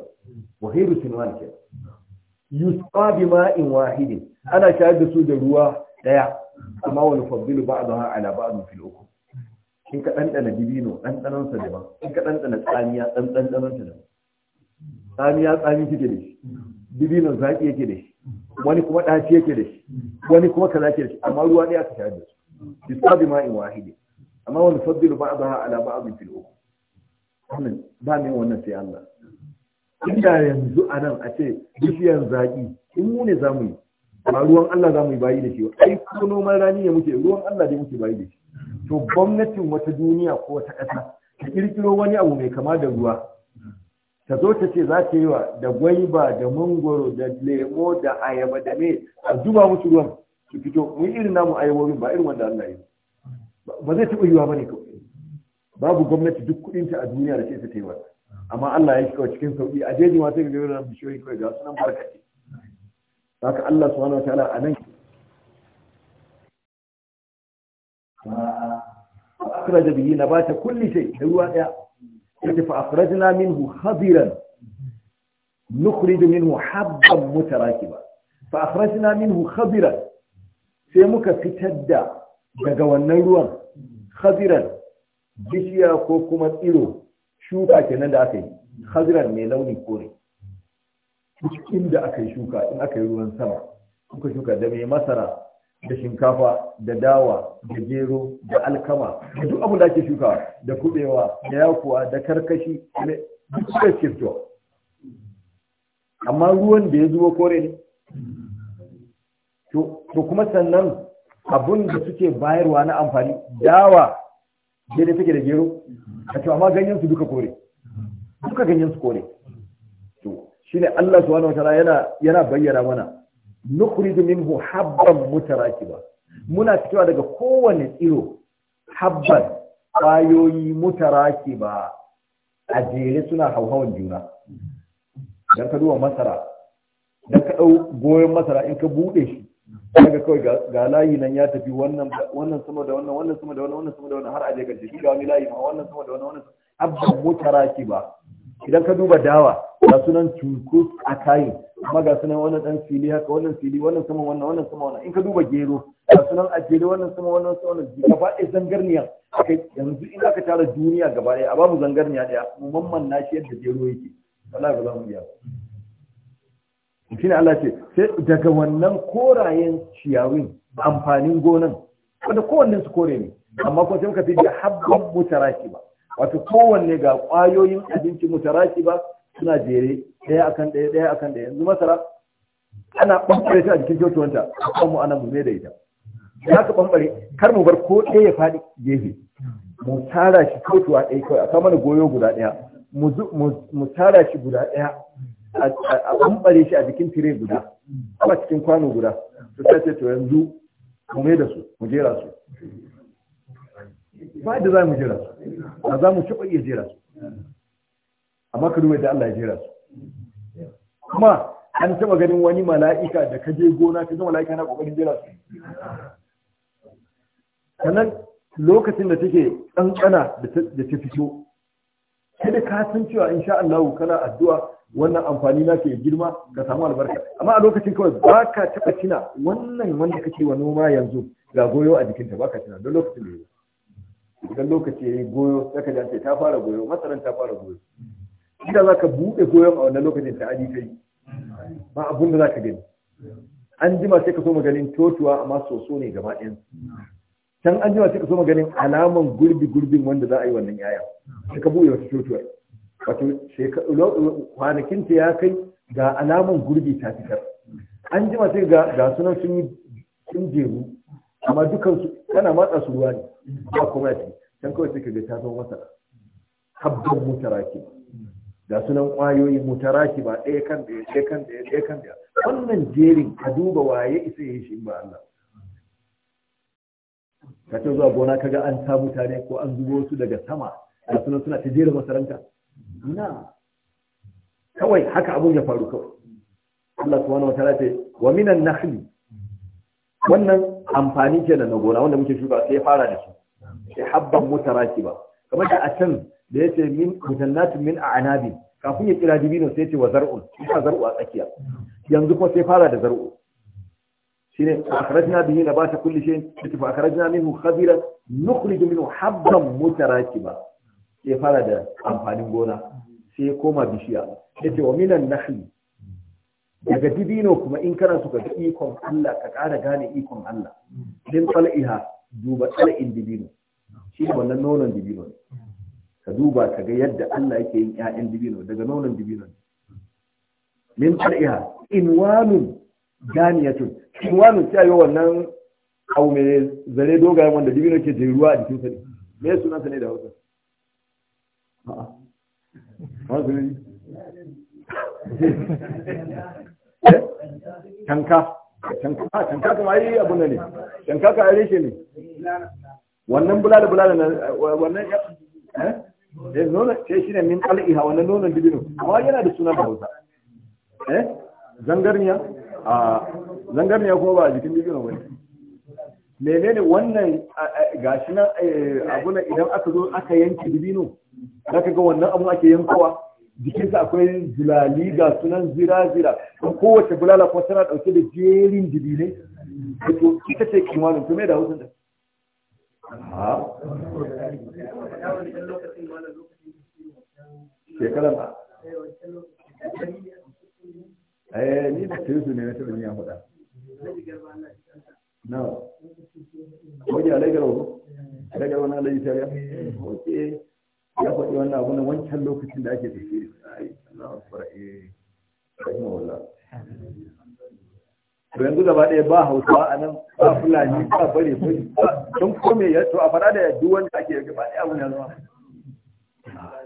wahiru sinwan ke yusqa bima'in wahid ana shayar da su da ruwa daya amma wani fadilu ba'daha ala ba'd fil ukhra in ka dana dibino ɗanɗanon sa daban kin ka dana tsamiya ɗan ɗanɗanon sa daban tsamiya tsami kike da shi dibino zaki yake da shi wani kuma ɗaci yake da shi wani kuma kaza yake da shi amma ruwa ɗaya ka shayar da su yusqa bima'in wahid amma wani fadilu ba'daha ala ba'd fil ukhra wannan ba mai wannan sai Allah inda yanzu a nan a ce bishiyar zaƙi in mu ne mu yi ba ruwan Allah za mu yi bayi da shi ai ko noman rani ne muke ruwan Allah dai muke bayi da shi to gwamnatin wata duniya ko wata ƙasa ta kirkiro wani abu mai kama da ruwa ta zo ta ce za ta yi wa da gwaiba da mangoro da lemo da ayaba da me a zuba musu ruwan su fito mu irin namu ayabobin ba irin wanda Allah ya yi ba zai taɓa yiwa bane kawai babu gwamnati duk kuɗinta a duniya da ce ta taimaka amma Allah ya kawai cikin sauƙi a jeji ma sai ka ga wannan bishiyoyi kawai ga sunan barkace haka Allah subhanahu wataala a nan akhraja bihi nabata kulli shay da ruwa daya yace fa akhrajna minhu khadiran nukhriju minhu habban mutarakiba fa akhrajna minhu khadiran sai muka fitar da daga wannan ruwan khadiran bishiya ko kuma tsiro shuka kenan da aka yi hazirar mai launi kore duk inda aka yi shuka in aka yi ruwan sama kuka shuka da mai masara da shinkafa da dawa da gero da alkama da duk abin da ake shuka da kubewa da yakuwa da karkashi duk suka fito amma ruwan da ya zuwa kore ne to kuma sannan abun da suke bayarwa na amfani dawa daidai take da gero a cewa amma ganyen su duka kore duka ganyen su kore to shine Allah subhanahu wataala yana yana bayyana mana nukhriju minhu habban mutarakiba muna fitowa daga kowane tsiro habban kwayoyi mutarakiba a jere suna hauhawan juna dan ka duba masara dan ka dau goyon masara in ka bude shi daga kawai ga layi nan ya tafi wannan sama da wannan wannan sama da wannan wannan sama da wannan har aje ga jiki ga wani layi ma wannan sama da wannan wannan abban mota raki ba idan ka duba dawa ga sunan cunkus a kayi amma ga sunan wannan dan fili haka wannan fili wannan sama wannan wannan sama wannan in ka duba gero ga sunan a wannan sama wannan sama wannan gaba ɗaya zangarniya kai yanzu in aka tara duniya gaba ɗaya a babu zangarniya ɗaya mu mamman na shi yadda gero yake wallahi ba za mu iya shi ne Allah ce sai daga wannan korayen ciyawin amfanin gonan wanda kowannen su kore ne amma kuma sai muka fi da habban mutaraki ba wato kowanne ga kwayoyin abinci mutaraki ba suna jere ɗaya akan ɗaya ɗaya akan ɗaya yanzu masara ana bambare ta a jikin kyautuwanta a kan mu ana murne da ita ya ka bambare kar mu bar ko ɗaya ya faɗi gefe mu tara shi kyautuwa ɗaya kawai a kama mana goyo guda ɗaya mu tara shi guda ɗaya a ɓamɓare shi a jikin tire guda a cikin kwano guda su ta ce to yanzu mu da su mu jera su ba da za mu jera su a za mu taɓa iya jera su amma ka duba da Allah ya jera su kuma an taɓa ganin wani mala'ika da ka je gona ka zama mala'ika na ƙoƙarin jera su sannan lokacin da take ƙanƙana da ta fito kada ka san cewa insha Allah kana addu'a wannan amfani na ke girma ka samu albarka amma a lokacin kawai ba ka taɓa tuna wannan wanda kake wa noma yanzu ga goyo a jikinta ba ka tuna don lokacin da ya idan lokaci ya yi goyo saka da ce ta fara goyo masaran ta fara goyo inda za ka buɗe goyon a wannan lokacin ta aji kai? ba abun da za ka gani an jima sai ka so maganin totuwa amma soso ne gaba ɗayan can an jima sai ka so maganin alaman gurbi gurbin wanda za a yi wannan yaya sai ka buɗe wata totuwar. wato kwanakin ta ya kai ga alamun gurbi ta fitar an jima sai ga sunan sun yi sun jeru amma su, kana matsa su ruwa ne ba kuma ya ce can kawai suka ga ta zama masara habban mutaraki ga sunan kwayoyi mutaraki ba ɗaya kan da ɗaya kan da ɗaya kan da wannan jerin ka duba waye isa yi shi ba Allah ka ce zuwa gona ka ga an samu tare ko an zubo su daga sama ga sunan suna ta jera masaranta ina kawai haka abun ya faru kawai Allah subhanahu wa ta'ala ce wa minan nakhli wannan amfani kenan na gona wanda muke shuka sai fara da shi. sai habban mutarakiba kamar da a can da yace min mutannatin min a'nabi kafin ya kira dibino sai ce wa zar'un ita zar'u a tsakiya yanzu kuma sai fara da zar'u shine akhrajna bihi nabata kulli shay'in fa akhrajna minhu khabira nukhriju minhu habban mutarakiba ya fara da amfanin gona sai ya koma bishiya ya ce wa minan nahi daga dibino kuma in kana suka ga ikon Allah ka ƙara gane ikon Allah din ha duba tsala'in dibino shi ne wannan nonon dibino ne ka duba ka ga yadda Allah yake yin ƴaƴan dibino daga nonon dibino ne min ya inwanun in wani sai yi wannan abu mai zare dogayen wanda dibino ke jiruwa a jikin Sani? ne me sunansa ne da Hausa mazuni tanka tanka tanka kuma ai abun ne tanka ka ai shi ne wannan bulala bulala wannan eh eh nono sai eh, shine min al'iha wannan nonon dibino amma yana da sunan Hausa eh zangarniya a ah, zangarniya ko ba jikin dibino bane menene wannan gashi nan eh, abuna idan aka zo aka yanke dibino zaka ga wannan abun ake yankowa jikinsa akwai zulali ga sunan zira-zira kowace bulala kuma tana dauke da jerin dibine to ita ce kimanin to me da hausa da shekaran ba eh ni da su ne na tabbin ya na wani alaikar wani alaikar wani alaikar shari'a ok ya faɗi wannan abu na wancan lokacin da ake tafi eh. to yanzu gaba ɗaya ba hausawa a nan ba fulani ba bare fari don kome ya to a fara da yadda wanda ake gaba ɗaya abu na zama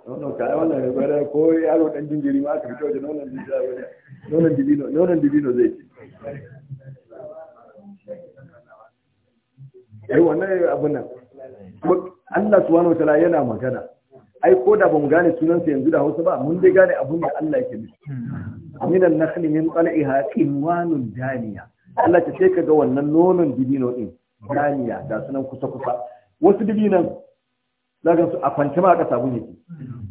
wannan kare wannan ya gwada ko yaro ɗan jinjiri ma aka fito da nonon dibino zai ci Yayi wannan abin nan Allah subhanahu wataala yana magana ai ko da mu gane sunansa yanzu da Hausa ba mun dai gane abin da Allah yake nufi aminan nakhli min qala'iha qinwanun daniya Allah ta sai ga wannan nonon dibino din daniya da sunan kusa kusa wasu dibinan zaka su a kwance ma aka samu ne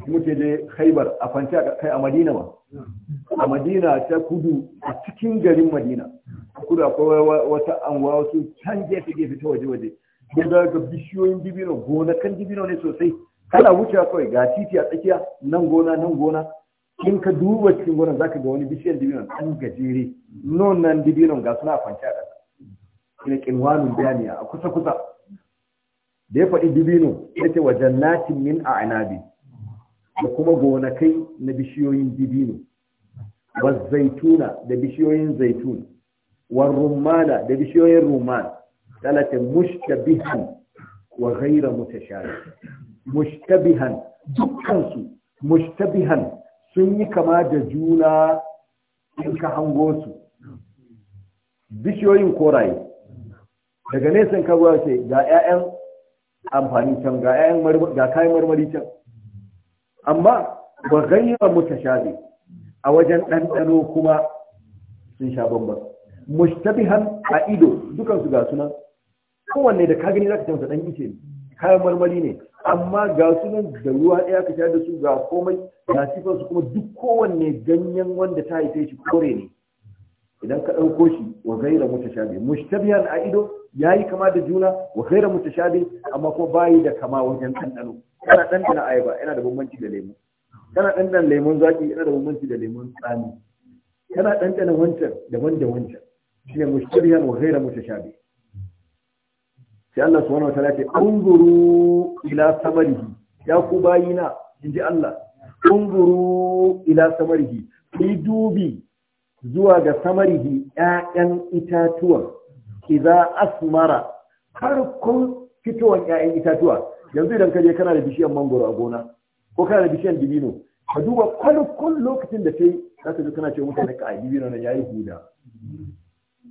kuma ce je Khaibar a kwance kai a Madina ba a Madina ta kudu a cikin garin Madina Kuda akwai wata anguwa wasu can gefe gefe ta waje waje da ga bishiyoyin dibino gona kan dibino ne sosai kana wuce kawai ga titi a tsakiya nan gona nan gona in ka duba cikin za zaka ga wani bishiyar dibino an gajere non nan dibino ga suna kwance a ina kinwanun bayani a kusa kusa da ya faɗi dibino ya ce wajen natin min a anabi da kuma gonakai na bishiyoyin dibino wa zaituna da bishiyoyin zaitun war rumana da bishiyoyin ruman talatin mushtabihan wa ghaira mutashabi mushtabihan dukkansu mushtabihan sun yi kama da juna in ka hango su bishiyoyin ka ce ga 'ya'yan amfani can ga 'ya'yan ga kayan marmari can amma ba gayyar mutashabi a wajen ɗanɗano kuma sun sha bambam mustabihan a ido dukansu ga sunan kowanne da ka gani zaka tamsa dan ice kayan marmari ne amma ga sunan da ruwa ɗaya ka tare da su ga komai ga su kuma duk kowanne ganyen wanda ta haife shi kore ne idan ka ɗauko shi wa gaira mutashabi mustabihan a ido yayi kama da juna wa gaira mutashabi amma ko bayi da kama wajen ɗanɗano kana ɗanɗana ayaba yana da bambanci da lemu kana ɗanɗana lemun zaki yana da bambanci da lemun tsami kana ɗanɗana wancan daban da wancan shi ne mushtabihan wa ghayra mutashabi sai Allah subhanahu wataala ce unzuru ila samarihi ya ku bayina inji Allah unzuru ila samarihi ku dubi zuwa ga samarihi 'ya'yan itatuwan, idza asmara farkon fitowar ƴaƴan itatuwa yanzu idan ka je kana da bishiyar mangoro a gona ko kana da bishiyar dibino ka duba farkon lokacin da sai za ka ji kana ce mutane ka a dibino na yayi huda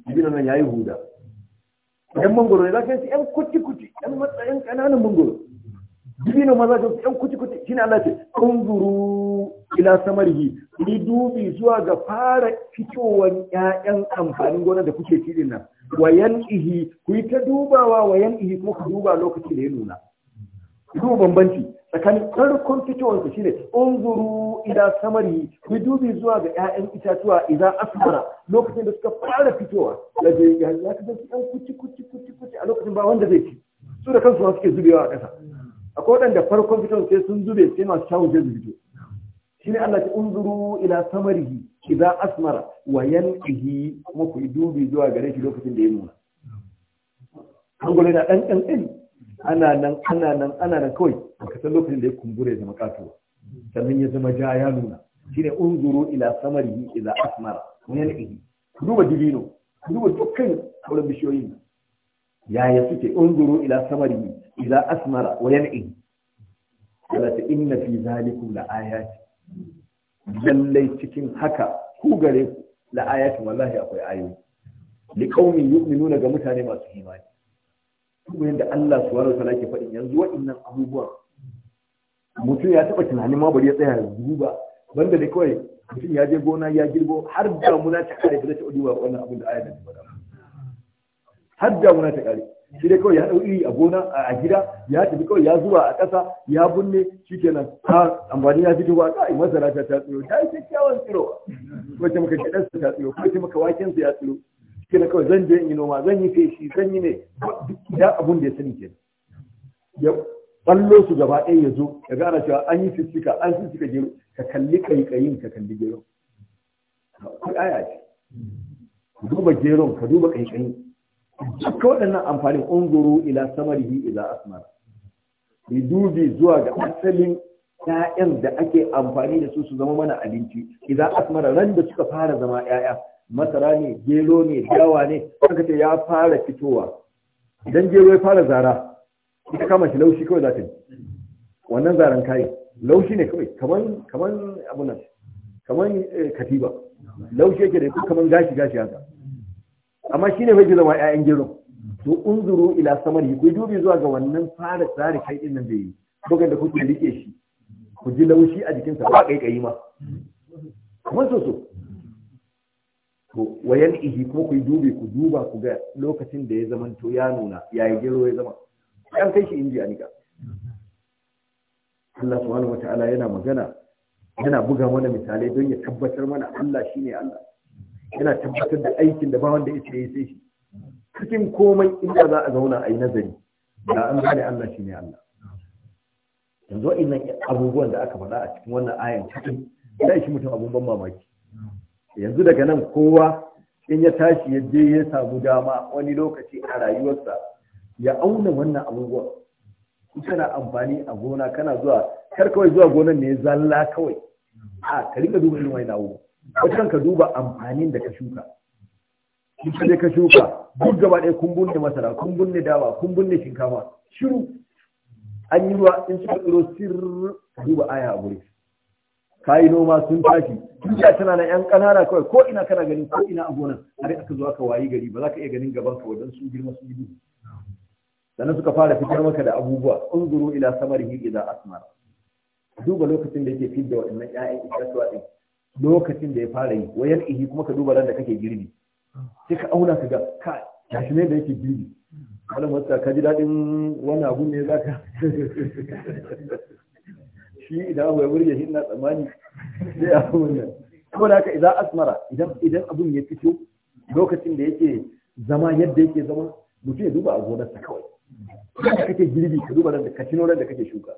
jibinan nan ya yi huda yan mangoro ne za ka yi yan kuci kuci-kuci yan matsayin ƙananan mangoro jibinan ma za ka yi yan kuci-kuci shi ne Allah ce unzuru ila yi ni dubi zuwa ga fara fitowar ƴaƴan amfanin gona da kuke ci nan wayan ihi ku yi ta dubawa wayan ihi kuma ku duba lokaci da ya nuna duba bambanci tsakanin farkon fitowarsa shine unzuru ila samari ku dubi zuwa ga 'ya'yan itatuwa idan asmara lokacin da suka fara fitowa da bai ga ya ka san ɗan kuci kuci kuci kuci a lokacin ba wanda zai ci su da kansu suke zubewa a ƙasa akwai waɗanda farkon fitowar sai sun zube sai masu shawo zai zube shine Allah ta unzuru ila samarihi idan asmara wa yanqihi kuma ku dubi zuwa gare shi lokacin da ya nuna an gole da ɗan ɗan ɗan ana nan ana nan ana nan kawai baka san lokacin da ya kumbure ya zama katuwa sannan ya zama ja ya nuna shine unzuru ila samarihi ila asmara min yana ihi duba dibino duba dukkan sauran bishiyoyin yaya suke unzuru ila samarihi ila asmara wa ihi wala ta inna fi zalikum la ayati lallai cikin haka ku gare ku la ayati wallahi akwai ayoyi li qaumin yu'minuna ga mutane masu imani kuma yadda Allah su wani ta'ala ke faɗin yanzu waɗannan abubuwan mutum ya taɓa tunanin ma bari ya tsaya duba banda da kawai mutum ya je gona ya girbo har muna ta kare ba zai taɓa duba wannan abin da ayyana ta har muna ta kare shi dai kawai ya ɗau iri a gona a gida ya tafi kawai ya zuba a ƙasa ya binne shi kenan ha amfani ya fito ba kai masara ta tsiro ta yi kyakkyawan tsiro ko ta maka kiɗansa ta tsiro ko ta maka wakensa ya tsiro shi na kawai zan je in yi noma zan yi feshi zan yi ne ya abun da ya sani ke ya ballo su gaba ɗaya ya zo ya gana cewa an yi fiska an fiska gero ka kalli kaikayin ka kalli gero akwai aya ce ka duba geron ka duba kaikayin duk waɗannan amfanin unguru ila samarihi ila asmar ni dubi zuwa ga asalin ‘ya'yan da ake amfani da su su zama mana abinci, idan asmara ran da suka fara zama ‘ya'ya, masara ne gero ne dawa ne aka ce ya fara fitowa idan gero ya fara zara ita kama shi laushi kawai zafin wannan zaren kayi laushi ne kawai kaman kaman abun nan kaman eh, katiba laushi yake da kaman gashi gashi haka amma shine bai zama ƴaƴan gero to unzuru ila samari ku dubi zuwa ga wannan fara tsari kai din nan da yi bugan da kuke rike shi ku ji laushi a jikinsa ba kai kai ma kamar soso to wayan ihi kuma ku dube ku duba ku ga lokacin da ya zama to ya nuna ya yi gero ya zama an kai shi inji a Allah subhanahu wata'ala yana magana yana buga mana misalai don ya tabbatar mana Allah shine Allah yana tabbatar da aikin da ba wanda ya yi sai shi cikin komai inda za a zauna a yi nazari da an gane Allah shine Allah yanzu wa'annan abubuwan da aka faɗa a cikin wannan ayan cikin da shi mutum abun ban mamaki yanzu daga nan kowa in ya tashi ya je ya samu dama wani lokaci a rayuwarsa ya auna wannan abubuwa kana amfani a gona kana zuwa kar kawai zuwa gonan ne zalla kawai a ka rika duba irin wani nawo kan ka duba amfanin da ka shuka in ka je ka shuka duk gaba ɗaya kun bunne masara kun bunne dawa kun bunne shinkafa shiru an yi ruwa in suka tsiro sirr duba aya a guri kayi noma sun tashi dukiya tana nan yan kanana kawai ko ina kana ganin ko ina a gonan har aka zo aka wayi gari ba za ka iya ganin gaban ka wajen sun girma sun gudu sannan suka fara fitar maka da abubuwa unzuru ila samarihi idza asmar duba lokacin da yake da wannan ƴaƴan itatuwa din lokacin da ya fara yi wayar ihi kuma ka duba ran da kake girbi sai ka auna ka ga ka gashi ne da yake girbi malam wasa ka ji daɗin wani abu ne za ka shi idan abu ya burge shi ina tsammani sai a wannan kuma da haka idan asmara idan idan abun ya fito lokacin da yake zama yadda yake zama mutum ya duba a gonarsa kawai da kake girbi ka duba da kacin cino da kake shuka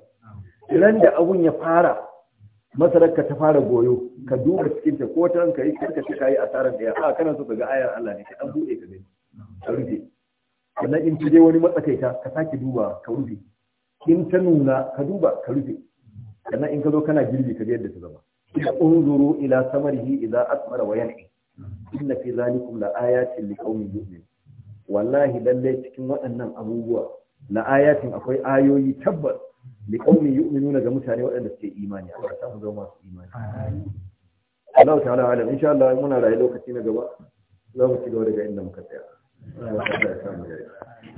idan da abun ya fara masarar ka ta fara goyo ka duba cikin ta ko ta ranka yi ka ta kai asaran da ya a kana so ka ga ayar Allah ne ka dan bude ka gani ka rufe sannan in ta dai wani matsakaita ka sake duba ka rufe in ta nuna ka duba ka rufe sannan in ka zo kana girbi ka yadda ta zama ya unzuru ila samarihi idza asmara wa yan'i inna fi zalikum la ayatin liqaumin yu'min wallahi lalle cikin waɗannan abubuwa la ayatin akwai ayoyi tabbas liqaumin yu'minuna ga mutane waɗanda suke imani Allah ta mu zama su imani Allah ta'ala alam insha Allah muna rayu lokaci na gaba za mu ci gaba daga inda muka tsaya Allah ya samu yayi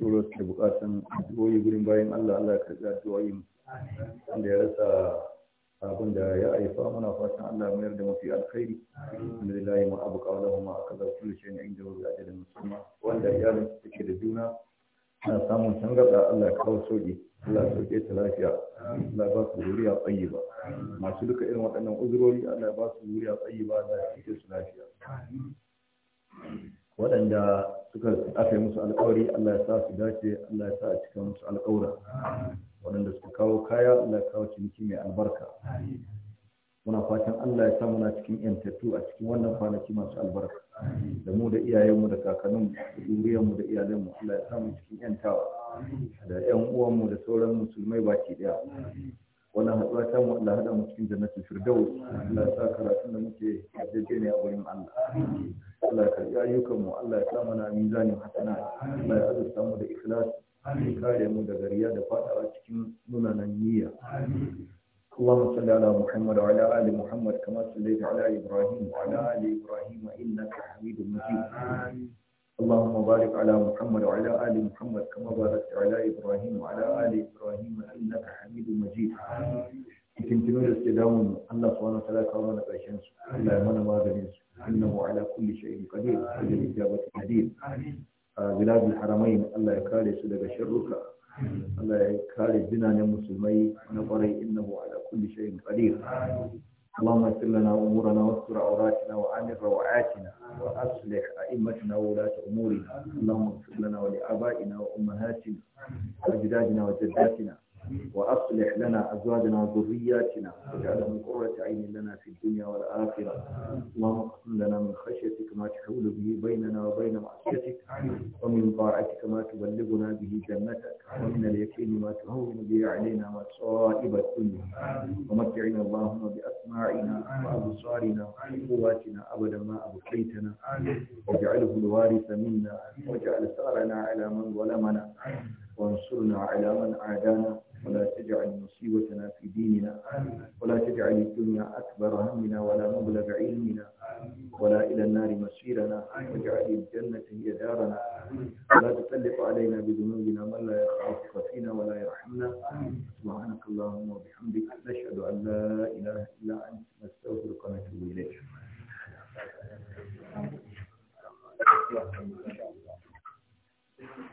turo su da bukatun addu'o'i gurin bayan Allah Allah ya karɓi addu'o'in wanda ya rasa abin da ya haifa muna fatan Allah mayar da mafi alkhairi alhamdulillah ma abu kawalahu ma akaza kullu shay'in inda wa ajalin musulma wanda iyalin su take da juna ana samun tangarda Allah ya kawo soji Allah ya sauke ta lafiya Allah ya ba su zuriya tsayiba masu duka irin waɗannan uzurori Allah ya ba su zuriya tsayiba Allah ya sauke su lafiya waɗanda suka aka musu alƙawari Allah ya sa su dace Allah ya sa a cika musu alƙawura waɗanda suka kawo kaya Allah ya kawo ciniki mai albarka muna fatan Allah ya sa muna cikin yantattu a cikin wannan kwanaki masu albarka da mu da iyayenmu da kakannin da zuriyarmu da iyalanmu Allah ya sa mu cikin yantawa da ƴan uwanmu da sauran musulmai baki ɗaya. wannan haɗuwa ta mu Allah haɗa mu cikin jannatin firdaus Allah ya sa karatun da muke daidai ne a wurin Allah Allah ya karbi ayyukanmu Allah ya sa mana mizanin hasana Allah ya azurta mu da ikhlasi ya kare mu da gariya da fadawa cikin nunanan niyya اللهم صل على محمد وعلى آل محمد كما صليت على إبراهيم وعلى آل إبراهيم إنك حميد مجيد اللهم بارك على محمد وعلى آل محمد كما باركت على إبراهيم وعلى آل إبراهيم إنك حميد مجيد cikin tuno da suke damun Allah subhanahu wa ta'ala kawo mana ƙarshen su mana maganin su أنه على كل شيء قدير أجل إجابة الحديث بلاد الحرمين الله يكاري سلك شرك الله يكاري بنا المسلمين ونقري إنه على كل شيء قدير اللهم اغفر لنا امورنا واستر عوراتنا وعن روعاتنا واصلح ائمتنا وولاة امورنا اللهم اغفر لنا ولابائنا وامهاتنا واجدادنا وجداتنا وأصلح لنا أزواجنا وذرياتنا واجعلها من قرة عين لنا في الدنيا والآخرة اللهم اقسم لنا من خشيتك ما تحول به بيننا وبين معصيتك ومن طاعتك ما تبلغنا به جنتك ومن اليقين ما تهون به علينا مصائب الدنيا ومتعنا اللهم بأسماعنا وأبصارنا وقواتنا أبدا ما أبقيتنا واجعله الوارث منا واجعل ثارنا على من ظلمنا وانصرنا على من عادانا ولا تجعل مصيبتنا في ديننا ولا تجعل الدنيا أكبر همنا ولا مبلغ علمنا ولا إلى النار مسيرنا واجعل الجنة هي دارنا ولا تسلط علينا بذنوبنا من لا يخافك فينا ولا يرحمنا سبحانك اللهم وبحمدك نشهد أن لا إله إلا أنت نستغفرك ونتوب إليك Thank you.